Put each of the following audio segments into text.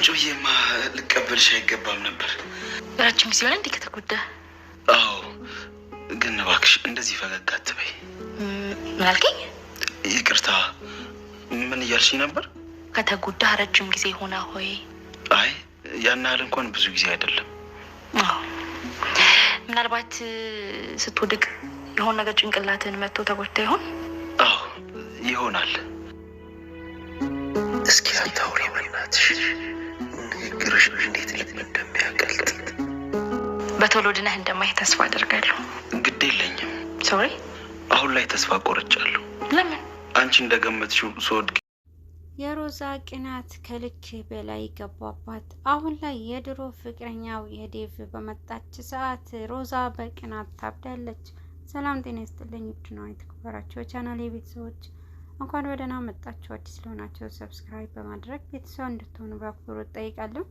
ቁጭ ብዬማ ልቀበልሽ አይገባም ነበር። ረጅም ጊዜ ሆነ እንዴ ከተጎዳ? አዎ፣ ግን እባክሽ እንደዚህ ፈገግ አትበይ። ምን አልከኝ? ይቅርታ፣ ምን እያልሽኝ ነበር? ከተጎዳ ረጅም ጊዜ ሆነ ሆይ? አይ ያን ያህል እንኳን ብዙ ጊዜ አይደለም። ምናልባት ስትወድቅ የሆነ ነገር ጭንቅላትን መጥቶ ተጎድታ ይሆን? አዎ ይሆናል። እስኪ አታውሪ በእናትሽ። ፍቅርሽም እንዴት ልብ እንደሚያቀልጥ በቶሎ ድነህ እንደማይ ተስፋ አደርጋለሁ። ግድ የለኝም ሶሪ። አሁን ላይ ተስፋ ቆርጫለሁ። ለምን? አንቺ እንደገመትሽው ስወድቅ የሮዛ ቅናት ከልክ በላይ ገባባት። አሁን ላይ የድሮ ፍቅረኛው የዴቭ በመጣች ሰዓት ሮዛ በቅናት ታብዳለች። ሰላም ጤና ይስጥልኝ ውድ ነው የተከበራችሁ ቻናል የቤተሰቦች እንኳን ወደና መጣችሁ። አዲስ ለሆናችሁ ሰብስክራይብ በማድረግ ቤተሰብ እንድትሆኑ በአክብሮት ጠይቃለሁ።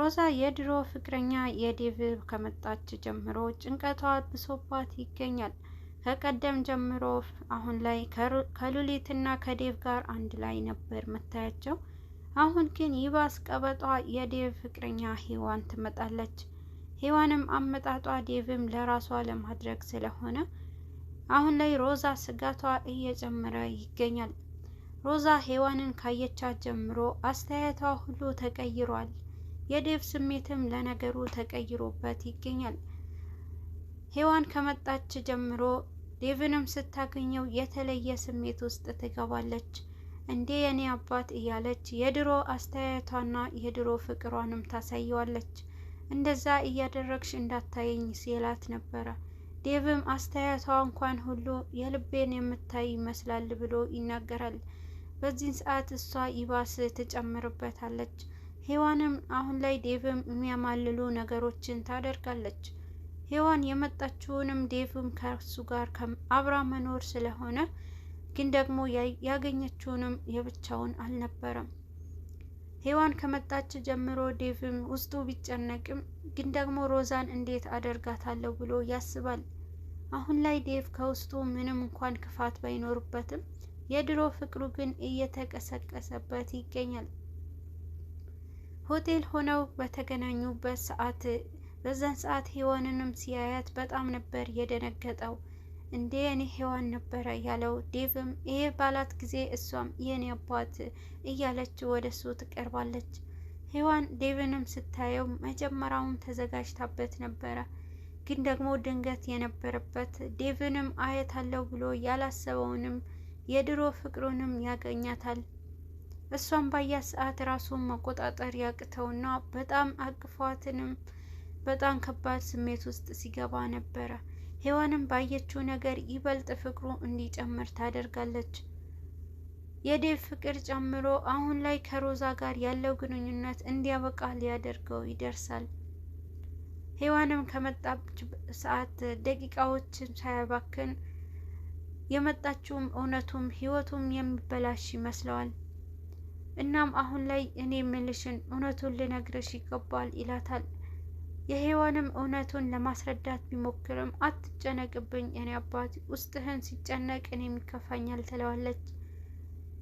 ሮዛ የድሮ ፍቅረኛ የዴቭ ከመጣች ጀምሮ ጭንቀቷ ብሶባት ይገኛል። ከቀደም ጀምሮ አሁን ላይ ከሉሊትና ከዴቭ ጋር አንድ ላይ ነበር መታያቸው። አሁን ግን ይባስ ቀበጧ የዴቭ ፍቅረኛ ሄዋን ትመጣለች። ሄዋንም አመጣጧ ዴቭም ለራሷ ለማድረግ ስለሆነ አሁን ላይ ሮዛ ስጋቷ እየጨመረ ይገኛል። ሮዛ ሄዋንን ካየቻት ጀምሮ አስተያየቷ ሁሉ ተቀይሯል። የዴቭ ስሜትም ለነገሩ ተቀይሮበት ይገኛል። ሔዋን ከመጣች ጀምሮ ዴቭንም ስታገኘው የተለየ ስሜት ውስጥ ትገባለች። እንዴ የኔ አባት እያለች የድሮ አስተያየቷና የድሮ ፍቅሯንም ታሳየዋለች። እንደዛ እያደረግሽ እንዳታየኝ ሲላት ነበረ። ዴቭም አስተያየቷ እንኳን ሁሉ የልቤን የምታይ ይመስላል ብሎ ይናገራል። በዚህን ሰዓት እሷ ይባስ ትጨምርበታለች። ሄዋንም አሁን ላይ ዴቭም የሚያማልሉ ነገሮችን ታደርጋለች። ሄዋን የመጣችውንም ዴቭም ከሱ ጋር አብራ መኖር ስለሆነ ግን ደግሞ ያገኘችውንም የብቻውን አልነበረም። ሄዋን ከመጣች ጀምሮ ዴቭም ውስጡ ቢጨነቅም ግን ደግሞ ሮዛን እንዴት አደርጋታለሁ ብሎ ያስባል። አሁን ላይ ዴቭ ከውስጡ ምንም እንኳን ክፋት ባይኖርበትም የድሮ ፍቅሩ ግን እየተቀሰቀሰበት ይገኛል። ሆቴል ሆነው በተገናኙበት ሰዓት በዛን ሰዓት ሔዋንንም ሲያያት በጣም ነበር የደነገጠው። እንዴ እኔ ሔዋን ነበረ ያለው። ዴቭም ይሄ ባላት ጊዜ እሷም የኔ አባት እያለች ወደ እሱ ትቀርባለች። ህይዋን ዴቭንም ስታየው መጀመሪያውም ተዘጋጅታበት ነበረ፣ ግን ደግሞ ድንገት የነበረበት ዴቭንም አየታለሁ ብሎ ያላሰበውንም የድሮ ፍቅሩንም ያገኛታል። እሷን ባያት ሰዓት ራሱን መቆጣጠር ያቅተውና በጣም አቅፏትንም በጣም ከባድ ስሜት ውስጥ ሲገባ ነበረ። ሔዋንም ባየችው ነገር ይበልጥ ፍቅሩ እንዲጨምር ታደርጋለች። የዴቭ ፍቅር ጨምሮ አሁን ላይ ከሮዛ ጋር ያለው ግንኙነት እንዲያበቃ ሊያደርገው ይደርሳል። ሔዋንም ከመጣች ሰዓት ደቂቃዎችን ሳያባክን የመጣችውም እውነቱም ህይወቱም የሚበላሽ ይመስለዋል። እናም አሁን ላይ እኔ ምልሽን እውነቱን ልነግርሽ ይገባል ይላታል። የሔዋንም እውነቱን ለማስረዳት ቢሞክርም አትጨነቅብኝ እኔ አባት ውስጥህን ሲጨነቅ እኔም ይከፋኛል ትለዋለች።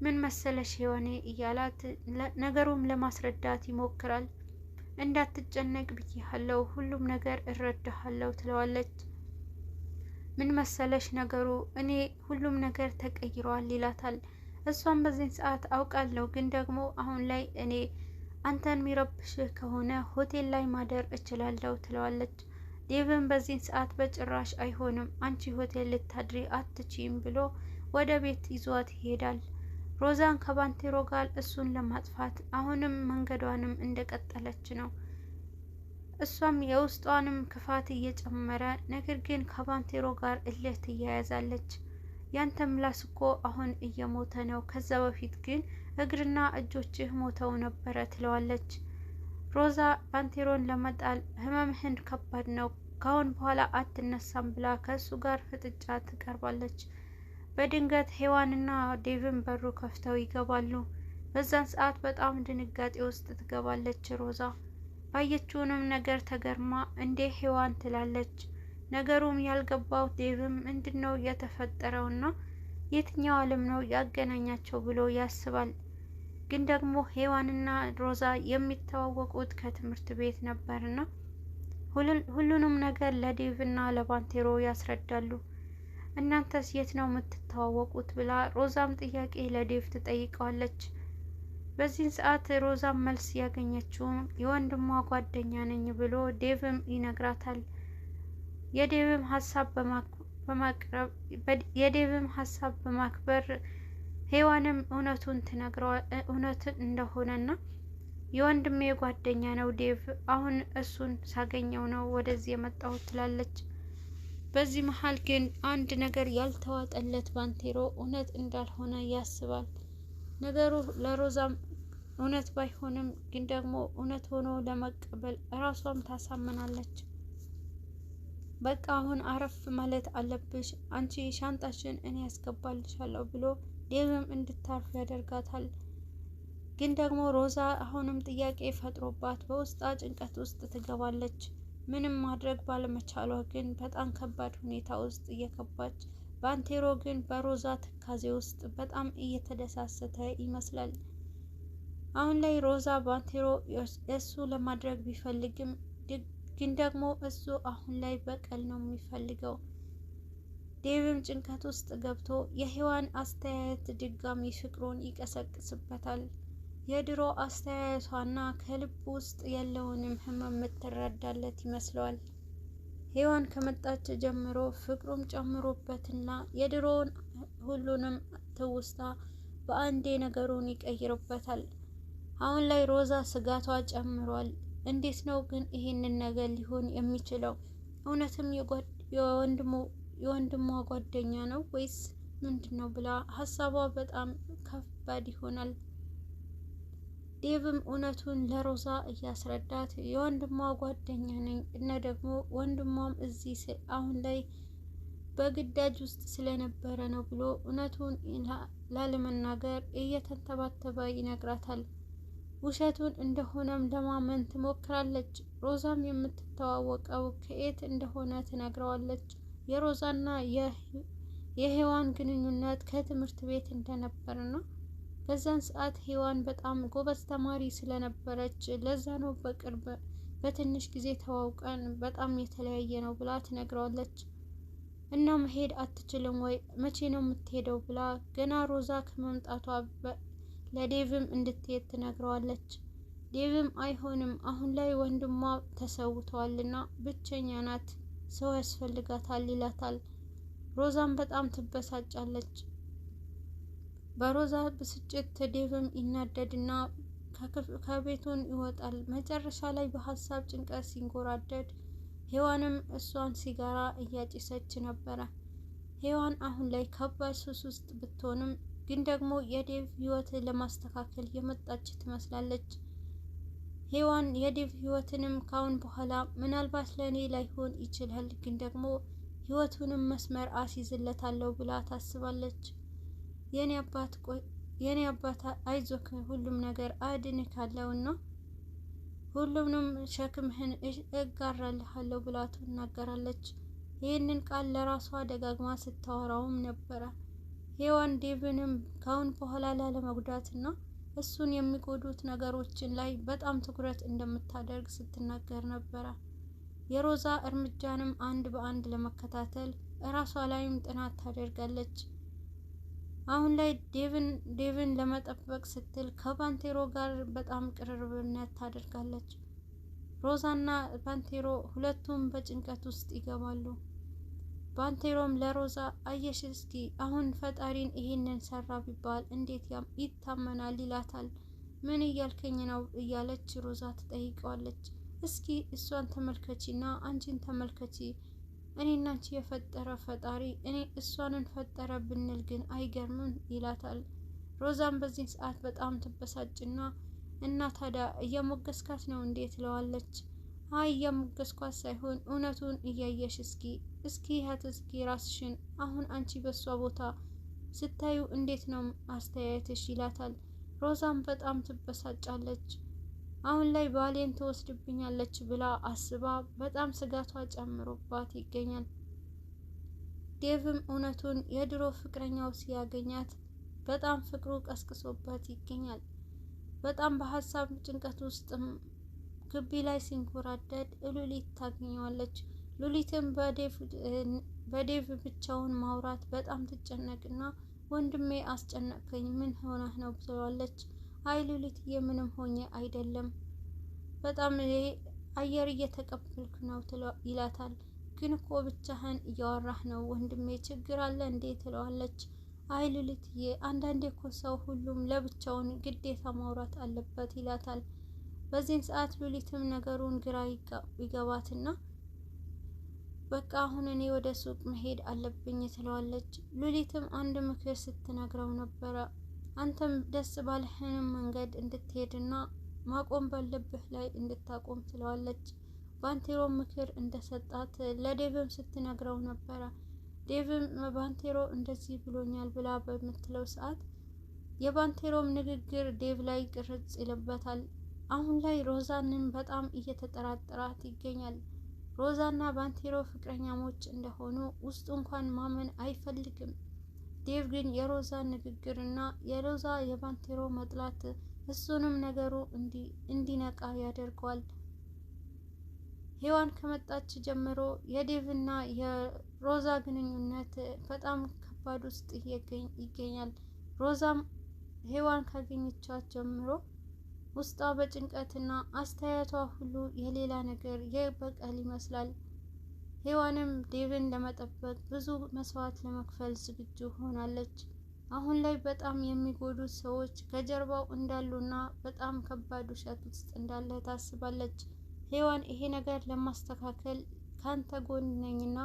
ምን መሰለሽ ሔዋኔ እያላት ነገሩም ለማስረዳት ይሞክራል። እንዳትጨነቅ ብዬሃለሁ፣ ሁሉም ነገር እረዳሃለሁ ትለዋለች። ምን መሰለሽ ነገሩ እኔ ሁሉም ነገር ተቀይሯል ይላታል። እሷም በዚህን ሰዓት አውቃለሁ፣ ግን ደግሞ አሁን ላይ እኔ አንተን የሚረብሽህ ከሆነ ሆቴል ላይ ማደር እችላለሁ ትለዋለች። ዴቭን በዚህን ሰዓት በጭራሽ አይሆንም፣ አንቺ ሆቴል ልታድሪ አትችም ብሎ ወደ ቤት ይዟት ይሄዳል። ሮዛን ከባንቴሮ ጋር እሱን ለማጥፋት አሁንም መንገዷንም እንደቀጠለች ነው። እሷም የውስጧንም ክፋት እየጨመረ ነገር ግን ከባንቴሮ ጋር እልህ ትያያዛለች። ያንተ ምላስ እኮ አሁን እየሞተ ነው፣ ከዛ በፊት ግን እግርና እጆችህ ሞተው ነበረ ትለዋለች። ሮዛ ባንቴሮን ለመጣል ህመምህን ከባድ ነው፣ ካሁን በኋላ አትነሳም ብላ ከእሱ ጋር ፍጥጫ ትቀርባለች። በድንገት ሔዋንና ዴቭን በሩ ከፍተው ይገባሉ። በዛን ሰዓት በጣም ድንጋጤ ውስጥ ትገባለች። ሮዛ ባየችውንም ነገር ተገርማ እንዴ ሔዋን ትላለች። ነገሩም ያልገባው ዴቭም ምንድን ነው የተፈጠረውና የትኛው ዓለም ነው ያገናኛቸው ብሎ ያስባል። ግን ደግሞ ሔዋንና ሮዛ የሚተዋወቁት ከትምህርት ቤት ነበርና ሁሉንም ነገር ለዴቭና ለባንቴሮ ያስረዳሉ። እናንተስ የት ነው የምትተዋወቁት ብላ ሮዛም ጥያቄ ለዴቭ ትጠይቀዋለች። በዚህን ሰዓት ሮዛም መልስ ያገኘችውም የወንድሟ ጓደኛ ነኝ ብሎ ዴቭም ይነግራታል። የዴቭም ሀሳብ በማክበር ሔዋንም እውነቱን ትነግረዋል እውነት እንደሆነና የወንድሜ ጓደኛ ነው ዴቭ፣ አሁን እሱን ሳገኘው ነው ወደዚህ የመጣሁት ትላለች። በዚህ መሀል ግን አንድ ነገር ያልተዋጠለት ባንቴሮ እውነት እንዳልሆነ ያስባል። ነገሩ ለሮዛም እውነት ባይሆንም ግን ደግሞ እውነት ሆኖ ለመቀበል እራሷም ታሳምናለች። በቃ አሁን አረፍ ማለት አለብሽ፣ አንቺ ሻንጣሽን እኔ ያስገባልሻለሁ ብሎ ዴቭም እንድታርፍ ያደርጋታል። ግን ደግሞ ሮዛ አሁንም ጥያቄ ፈጥሮባት በውስጣ ጭንቀት ውስጥ ትገባለች። ምንም ማድረግ ባለመቻሏ ግን በጣም ከባድ ሁኔታ ውስጥ እየገባች ባንቴሮ ግን በሮዛ ትካዜ ውስጥ በጣም እየተደሳሰተ ይመስላል። አሁን ላይ ሮዛ ባንቴሮ እሱ ለማድረግ ቢፈልግም ግን ደግሞ እሱ አሁን ላይ በቀል ነው የሚፈልገው። ዴቭም ጭንቀት ውስጥ ገብቶ የሔዋን አስተያየት ድጋሚ ፍቅሩን ይቀሰቅስበታል። የድሮ አስተያየቷና ከልብ ውስጥ ያለውንም ህመም የምትረዳለት ይመስለዋል። ሔዋን ከመጣች ጀምሮ ፍቅሩም ጨምሮበትና የድሮውን ሁሉንም ትውስታ በአንዴ ነገሩን ይቀይርበታል። አሁን ላይ ሮዛ ስጋቷ ጨምሯል። እንዴት ነው ግን ይህንን ነገር ሊሆን የሚችለው? እውነትም የወንድሟ ጓደኛ ነው ወይስ ምንድን ነው ብላ ሀሳቧ በጣም ከባድ ይሆናል። ዴቭም እውነቱን ለሮዛ እያስረዳት የወንድሟ ጓደኛ ነኝ እና ደግሞ ወንድሟም እዚህ አሁን ላይ በግዳጅ ውስጥ ስለነበረ ነው ብሎ እውነቱን ላለመናገር እየተንተባተበ ይነግራታል። ውሸቱን እንደሆነም ለማመን ትሞክራለች። ሮዛም የምትተዋወቀው ከኤት እንደሆነ ትነግረዋለች። የሮዛና የሔዋን ግንኙነት ከትምህርት ቤት እንደነበር ነው። በዛን ሰዓት ሔዋን በጣም ጎበዝ ተማሪ ስለነበረች ለዛ ነው በቅርብ በትንሽ ጊዜ ተዋውቀን በጣም የተለያየ ነው ብላ ትነግረዋለች። እና መሄድ አትችልም ወይ? መቼ ነው የምትሄደው? ብላ ገና ሮዛ ከመምጣቷ ለዴቭም እንድትሄድ ትነግረዋለች። ዴቭም አይሆንም፣ አሁን ላይ ወንድሟ ተሰውተዋልና ብቸኛ ናት፣ ሰው ያስፈልጋታል ይላታል። ሮዛም በጣም ትበሳጫለች። በሮዛ ብስጭት ዴቭም ይናደድና ከቤቱን ይወጣል። መጨረሻ ላይ በሀሳብ ጭንቀት ሲንጎራደድ ሔዋንም እሷን ሲጋራ እያጨሰች ነበረ። ሔዋን አሁን ላይ ከባድ ሱስ ውስጥ ብትሆንም ግን ደግሞ የዴቭ ህይወት ለማስተካከል የመጣች ትመስላለች። ሄዋን የዴቭ ህይወትንም ካሁን በኋላ ምናልባት ለእኔ ላይሆን ይችላል፣ ግን ደግሞ ህይወቱንም መስመር አስይዝለታለሁ ብላ ታስባለች። የኔ አባት አይዞክ፣ ሁሉም ነገር አድንካለሁና ሁሉምንም ሸክምህን እጋራልሃለሁ ብላ ትናገራለች። ይህንን ቃል ለራሷ ደጋግማ ስታወራውም ነበረ። ሄዋን ዴቭንም ካሁን በኋላ ላለመጉዳትና እሱን የሚጎዱት ነገሮችን ላይ በጣም ትኩረት እንደምታደርግ ስትናገር ነበረ። የሮዛ እርምጃንም አንድ በአንድ ለመከታተል እራሷ ላይም ጥናት ታደርጋለች። አሁን ላይ ዴቭን ለመጠበቅ ስትል ከባንቴሮ ጋር በጣም ቅርርብነት ታደርጋለች። ሮዛና ባንቴሮ ሁለቱም በጭንቀት ውስጥ ይገባሉ። ባንቴሮም ለሮዛ አየሽ እስኪ አሁን ፈጣሪን ይሄንን ሰራ ቢባል እንዴት ይታመናል ይላታል። ምን እያልከኝ ነው እያለች ሮዛ ትጠይቀዋለች። እስኪ እሷን ተመልከቺና አንቺን ተመልከቺ። እኔና አንቺ የፈጠረ ፈጣሪ እኔ እሷንን ፈጠረ ብንል ግን አይገርምም ይላታል። ሮዛም በዚህ ሰዓት በጣም ትበሳጭና እና ታዲያ እየሞገስካት ነው እንዴት ትለዋለች። አይ እያሞገስኳት ሳይሆን እውነቱን እያየሽ እስኪ እስኪ ያት እስኪ ራስሽን አሁን አንቺ በሷ ቦታ ስታዩ እንዴት ነው አስተያየትሽ? ይላታል። ሮዛም በጣም ትበሳጫለች። አሁን ላይ ባሌን ትወስድብኛለች ብላ አስባ በጣም ስጋቷ ጨምሮባት ይገኛል። ዴቭም እውነቱን የድሮ ፍቅረኛው ሲያገኛት በጣም ፍቅሩ ቀስቅሶበት ይገኛል። በጣም በሀሳብ ጭንቀት ውስጥም ግቢ ላይ ሲንኮራደድ ሉሊት ታገኘዋለች። ሉሊትም በዴቭ ብቻውን ማውራት በጣም ትጨነቅና ወንድሜ አስጨነቅከኝ፣ ምን ሆነህ ነው ብለዋለች። አይ ሉሊት ምንም ሆኜ አይደለም፣ በጣም አየር እየተቀበልክ ነው ይላታል። ግን እኮ ብቻህን እያወራህ ነው ወንድሜ፣ ችግር አለ እንዴ ትለዋለች። አይ ሉሊትዬ፣ አንዳንዴ እኮ ሰው ሁሉም ለብቻውን ግዴታ ማውራት አለበት ይላታል። በዚህም ሰዓት ሉሊትም ነገሩን ግራ ይገባትና በቃ አሁን እኔ ወደ ሱቅ መሄድ አለብኝ ትለዋለች። ሉሊትም አንድ ምክር ስትነግረው ነበረ። አንተም ደስ ባልህንም መንገድ እንድትሄድና ማቆም ባለብህ ላይ እንድታቆም ትለዋለች። ባንቴሮ ምክር እንደሰጣት ለዴቭም ስትነግረው ነበረ። ዴቭም ባንቴሮ እንደዚህ ብሎኛል ብላ በምትለው ሰዓት የባንቴሮም ንግግር ዴቭ ላይ ቅርጽ ይለበታል። አሁን ላይ ሮዛንን በጣም እየተጠራጠራት ይገኛል። ሮዛና ባንቴሮ ፍቅረኛሞች እንደሆኑ ውስጡ እንኳን ማመን አይፈልግም። ዴቭ ግን የሮዛ ንግግር እና የሮዛ የባንቴሮ መጥላት እሱንም ነገሩ እንዲነቃ ያደርገዋል። ሔዋን ከመጣች ጀምሮ የዴቭና የሮዛ ግንኙነት በጣም ከባድ ውስጥ ይገኛል። ሮዛም ሔዋን ካገኘቻት ጀምሮ ውስጧ በጭንቀትና አስተያየቷ ሁሉ የሌላ ነገር የበቀል ይመስላል። ሔዋንም ዴቭን ለመጠበቅ ብዙ መስዋዕት ለመክፈል ዝግጁ ሆናለች። አሁን ላይ በጣም የሚጎዱት ሰዎች ከጀርባው እንዳሉና በጣም ከባድ ውሸት ውስጥ እንዳለ ታስባለች። ሔዋን ይሄ ነገር ለማስተካከል ካንተ ጎን ነኝና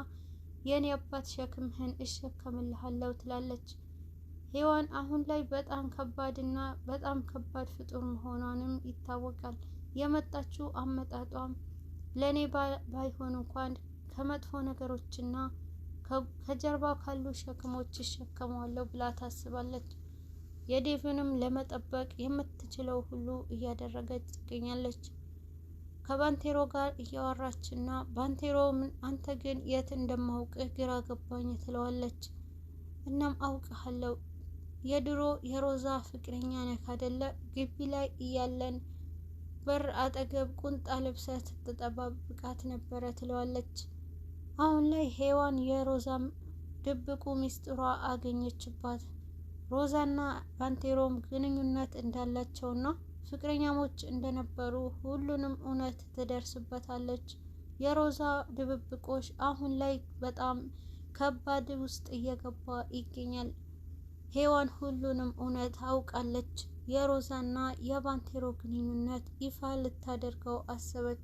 የኔ አባት ሸክምህን እሸከምልሃለሁ ትላለች። ሔዋን አሁን ላይ በጣም ከባድ እና በጣም ከባድ ፍጡር መሆኗንም ይታወቃል። የመጣችው አመጣጧም ለእኔ ባይሆን እንኳን ከመጥፎ ነገሮችና ከጀርባ ካሉ ሸክሞች ይሸከመዋለሁ ብላ ታስባለች። የዴቭንም ለመጠበቅ የምትችለው ሁሉ እያደረገች ትገኛለች። ከባንቴሮ ጋር እያወራች እና ባንቴሮ ምን አንተ ግን የት እንደማውቅህ ግራ ገባኝ ትለዋለች። እናም አውቅሃለሁ የድሮ የሮዛ ፍቅረኛ ነህ አይደለ? ግቢ ላይ እያለን በር አጠገብ ቁንጣ ለብሰህ ስትጠባብቃት ነበረ ትለዋለች። አሁን ላይ ሔዋን የሮዛም ድብቁ ሚስጥሯ አገኘችባት። ሮዛና ባንቴሮም ግንኙነት እንዳላቸውና ፍቅረኛሞች እንደነበሩ ሁሉንም እውነት ትደርስበታለች። የሮዛ ድብብቆሽ አሁን ላይ በጣም ከባድ ውስጥ እየገባ ይገኛል። ሄዋን ሁሉንም እውነት አውቃለች። የሮዛና የባንቴሮ ግንኙነት ይፋ ልታደርገው አሰበች።